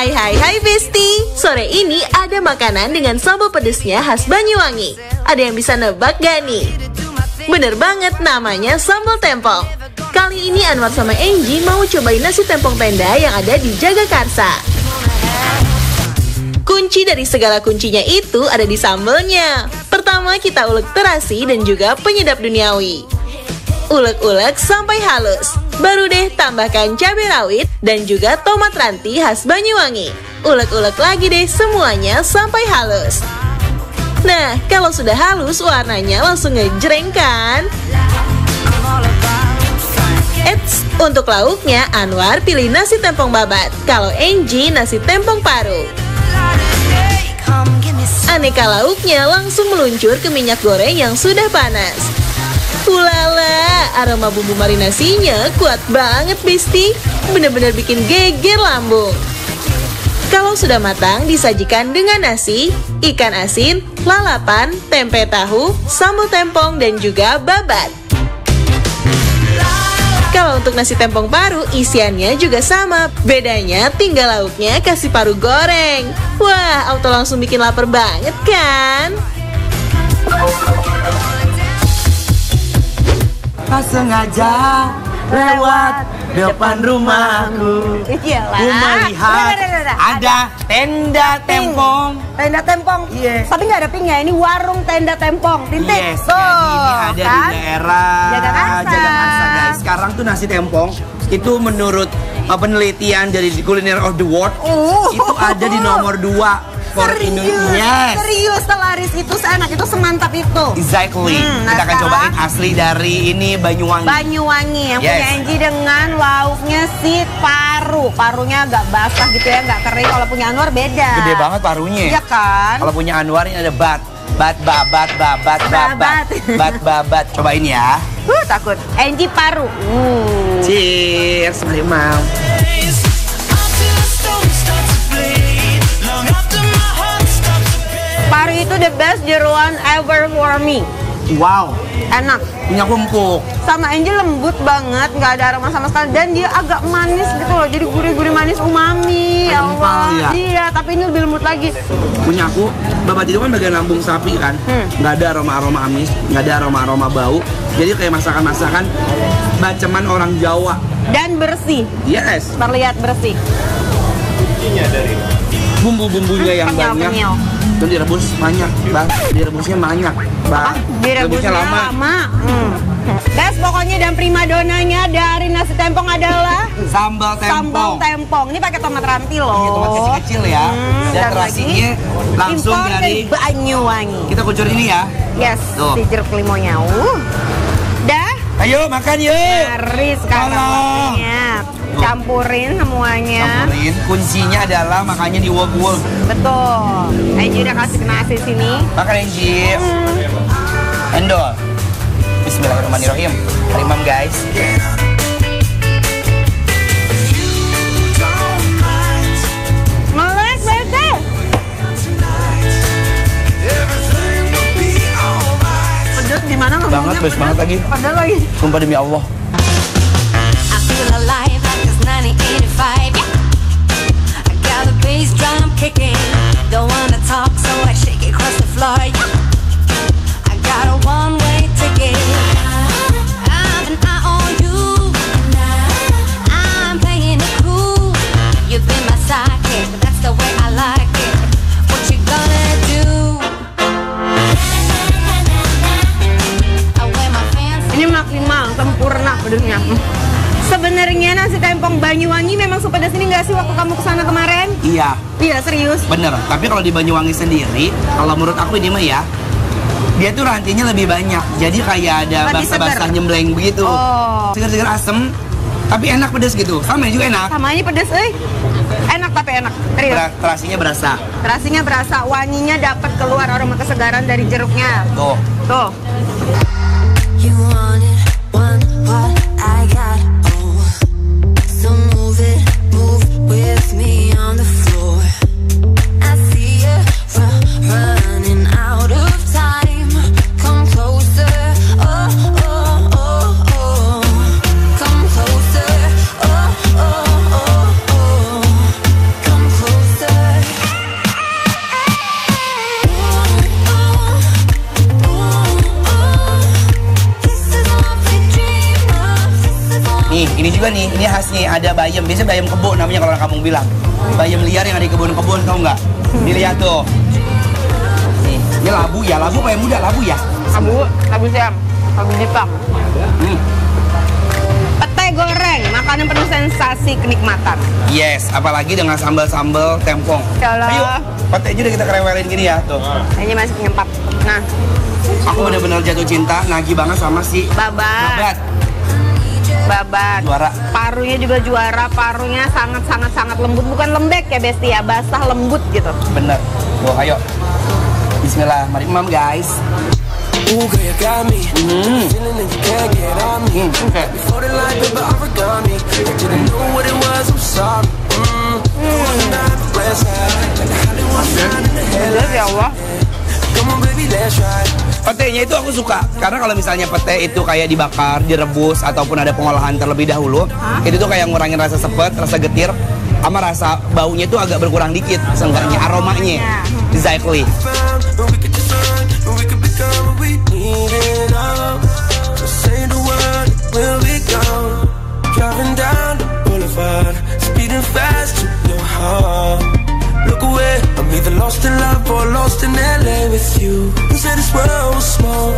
Hai hai hai Besti Sore ini ada makanan dengan sambal pedesnya khas Banyuwangi Ada yang bisa nebak gak nih? Bener banget namanya sambal tempong Kali ini Anwar sama Angie mau cobain nasi tempong tenda yang ada di Jagakarsa Kunci dari segala kuncinya itu ada di sambalnya. Pertama kita ulek terasi dan juga penyedap duniawi Ulek-ulek sampai halus Baru deh tambahkan cabai rawit dan juga tomat ranti khas Banyuwangi. Ulek-ulek lagi deh semuanya sampai halus. Nah, kalau sudah halus warnanya langsung ngejreng kan? Eits, untuk lauknya Anwar pilih nasi tempong babat, kalau Angie nasi tempong paru. Aneka lauknya langsung meluncur ke minyak goreng yang sudah panas. Ulala, aroma bumbu marinasinya kuat banget, Besti. Bener-bener bikin geger lambung. Kalau sudah matang, disajikan dengan nasi, ikan asin, lalapan, tempe tahu, sambal tempong, dan juga babat. Kalau untuk nasi tempong paru, isiannya juga sama. Bedanya tinggal lauknya kasih paru goreng. Wah, auto langsung bikin lapar banget kan? tanpa sengaja lewat depan rumahku. Iya lah. lihat ada tenda tempong. Tenda tempong. Yes. Tapi nggak ada pingnya. Ini warung tenda tempong. Tintin. Yes. so, ini ada kan? di daerah Jakarta. Jakarta guys. Sekarang tuh nasi tempong itu menurut penelitian dari kuliner of the world oh. itu ada di nomor 2 for Indonesia. Yes. Serius telaris itu seenak itu semantap itu. Exactly. Hmm, nah Kita akan cobain asli dari ini Banyuwangi. Banyuwangi yang yes. punya Angie dengan lauknya si paru. Parunya agak basah gitu ya, nggak kering. Kalau punya Anwar beda. Gede banget parunya. Iya kan? Kalau punya Anwar ini ada bat. Bat, babat, babat, babat, bat, babat. Cobain ya. Uh, takut. Angie paru. Uh. Cheers, mari mau. Paru itu the best jeruan ever for me. Wow. Enak. Punya kumpuk. Sama Angel lembut banget, nggak ada aroma sama sekali dan dia agak manis gitu loh. Jadi gurih-gurih manis umami. Ya Allah. Ya. Iya, tapi ini lebih lembut lagi. Punya aku, bapak itu kan bagian lambung sapi kan. Hmm. ada aroma-aroma amis, nggak ada aroma-aroma bau. Jadi kayak masakan-masakan baceman orang Jawa. Dan bersih. Yes. Terlihat bersih. dari bumbu-bumbunya yang penyel, banyak. Penyel itu direbus banyak bang direbusnya banyak bang ah, direbusnya, lama, lama. Hmm. guys pokoknya dan prima donanya dari nasi tempong adalah sambal tempong. Sambal tempong. Ini pakai tomat ranti loh. Ini tomat kecil-kecil ya. Hmm, dan, dan terasinya langsung dari Banyuwangi. Kita kucur ini ya. Yes, Tuh. si jeruk limonya. Uh. Dah. Ayo makan yuk. Mari sekarang. Campurin semuanya. Campurin. Kuncinya adalah makanya di wok wok. Betul. Enji udah kasih nasi sini. Makan Enji. Hmm. Endol. Bismillahirrahmanirrahim. Harimam guys. Pedes gimana Banget, pedes banget lagi. Padahal lagi. Sumpah demi Allah. kicking. Don't wanna talk, so I shake it across the floor. Yeah. I got a one-way ticket. I'm an eye on you. I'm playing it cool. You've been my sidekick, but that's the way I like it. What you gonna do? I wear my fancy. Ini makin mahal sempurna pedenya. Sebenarnya nasi tempong Banyuwangi memang sepedas ini nggak sih waktu kamu kesana kemarin? Iya. Iya serius. Bener. Tapi kalau di Banyuwangi sendiri, kalau menurut aku ini mah ya dia tuh rantinya lebih banyak jadi kayak ada basah-basah nyembleng begitu oh. segar seger asem tapi enak pedes gitu sama juga enak sama aja pedes eh enak tapi enak serius Ber terasinya berasa terasinya berasa wanginya dapat keluar aroma kesegaran dari jeruknya tuh tuh you want it, one, one. nih ini juga nih ini khas nih ada bayam biasanya bayam kebo namanya kalau orang kampung bilang bayam liar yang ada di kebun-kebun tau nggak hmm. dilihat tuh nih ini labu ya labu kayak muda labu ya labu labu siam labu jepang hmm. Petai goreng makanan penuh sensasi kenikmatan yes apalagi dengan sambal-sambal tempong ayo petenya udah kita kerewelin gini ya tuh nah, ini masih penyempat nah aku bener-bener jatuh cinta nagih banget sama si babat, babat babat. Juara. Parunya juga juara, parunya sangat-sangat sangat lembut, bukan lembek ya Besti ya, basah lembut gitu. Bener. Wah, ayo. Bismillah, mari mam guys. Ooh, Mm. Mm. Mm. Mm. Mm. Ya Allah. Petenya itu aku suka karena kalau misalnya pete itu kayak dibakar, direbus ataupun ada pengolahan terlebih dahulu, Hah? itu tuh kayak ngurangin rasa sepet, rasa getir, sama rasa baunya itu agak berkurang dikit, seenggaknya oh, aromanya. Iya. Exactly. Driving down the boulevard, speeding fast to your heart. look away I'm either lost in love or lost in LA with you Who said this world was small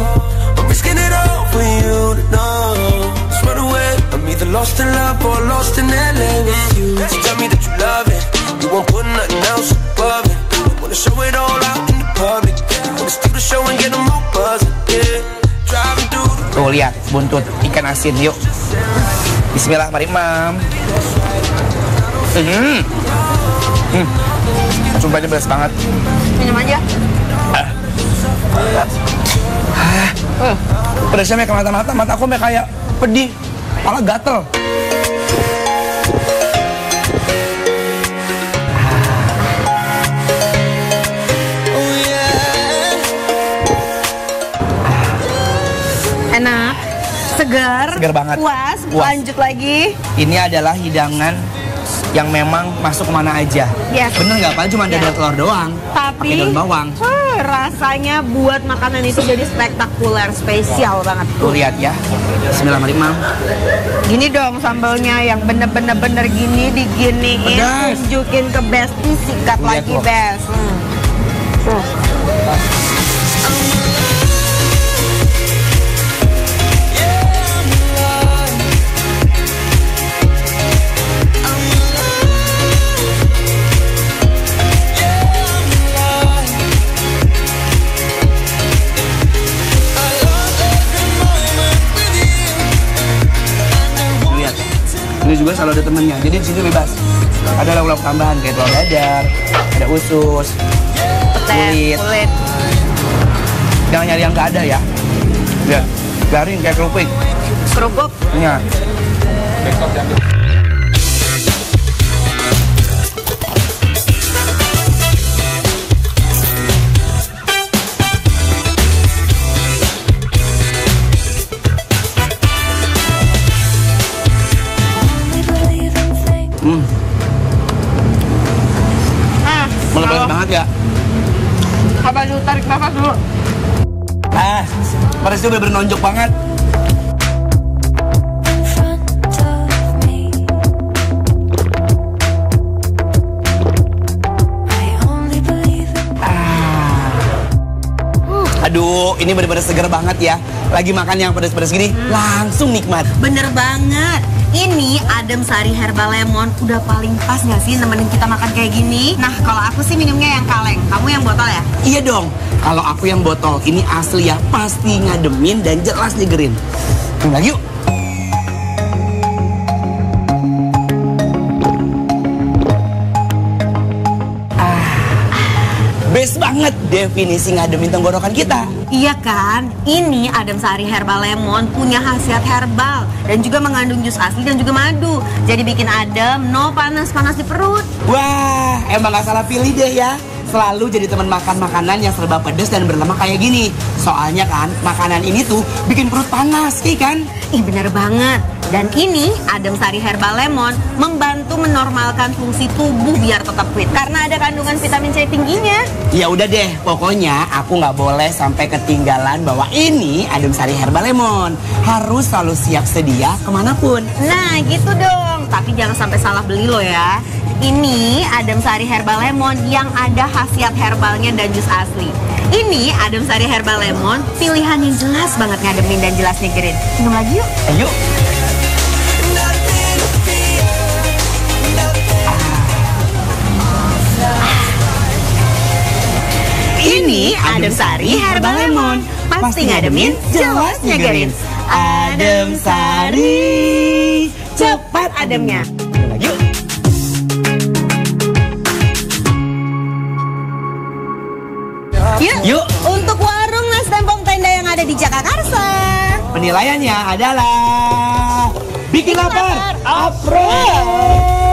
I'm risking it all for you to know Just run away I'm either lost in love or lost in LA with you You tell me that you love it You won't put nothing else above it Wanna show it all out in the public Wanna steal the show and get them all buzzing, yeah driving through. Tuh lihat buntut ikan asin yuk Bismillah mari mam Hmm Hmm. Sumpah ini banget. Minum aja. Ah. ah. Oh. Pedasnya kayak mata-mata, mata aku kayak pedih, kepala gatel. enak, segar, segar banget. puas, puas, lanjut lagi. Ini adalah hidangan yang memang masuk kemana aja. Yes. Bener nggak Pak? Cuma yes. ada telur doang. Tapi daun bawang. Huh, rasanya buat makanan itu jadi spektakuler, spesial banget. Tuh lihat ya. Bismillahirrahmanirrahim. Gini dong sambalnya yang bener-bener bener gini diginiin, tunjukin ke best, sikat lagi best. Hmm. Hmm. kalau ada temennya jadi di sini bebas ada lauk-lauk tambahan kayak telur dadar ada usus kulit, kulit. jangan nyari yang nggak ada ya lihat ya. garing kayak kerupuk. kerupuk you. Iya. ya? apa dulu tarik nafas dulu ah Parisnya udah bernonjok banget ah. Aduh, ini benar-benar segar banget ya. Lagi makan yang pedas-pedas gini, hmm. langsung nikmat. Bener banget ini adem sari herbal lemon udah paling pas nggak sih nemenin kita makan kayak gini? Nah, kalau aku sih minumnya yang kaleng, kamu yang botol ya? Iya dong, kalau aku yang botol ini asli ya pasti ngademin dan jelas nyegerin. lagi yuk. banget definisi ngademin tenggorokan kita. Iya kan? Ini Adem Sari Herbal Lemon punya khasiat herbal dan juga mengandung jus asli dan juga madu. Jadi bikin adem, no panas-panas di perut. Wah, emang gak salah pilih deh ya selalu jadi teman makan makanan yang serba pedas dan berlemak kayak gini. Soalnya kan, makanan ini tuh bikin perut panas, iya kan? Ih, bener banget. Dan ini Adem Sari Herbal Lemon membantu menormalkan fungsi tubuh biar tetap fit karena ada kandungan vitamin C tingginya. Ya udah deh, pokoknya aku nggak boleh sampai ketinggalan bahwa ini Adem Sari Herbal Lemon harus selalu siap sedia kemanapun. Nah gitu dong, tapi jangan sampai salah beli lo ya. Ini Adem Sari Herbal Lemon yang ada khasiat herbalnya dan jus asli. Ini Adem Sari Herbal Lemon, pilihan yang jelas banget ngademin dan jelas nyegerin. Minum lagi yuk. Ayo. ini Adem Sari Herbal Lemon Pasti ngademin, jelas nyegerin Adem Sari Cepat ademnya Yuk Yuk, untuk warung nasi Tempong Tenda yang ada di Jakarta Penilaiannya adalah Bikin, Bikin lapar, lapar. April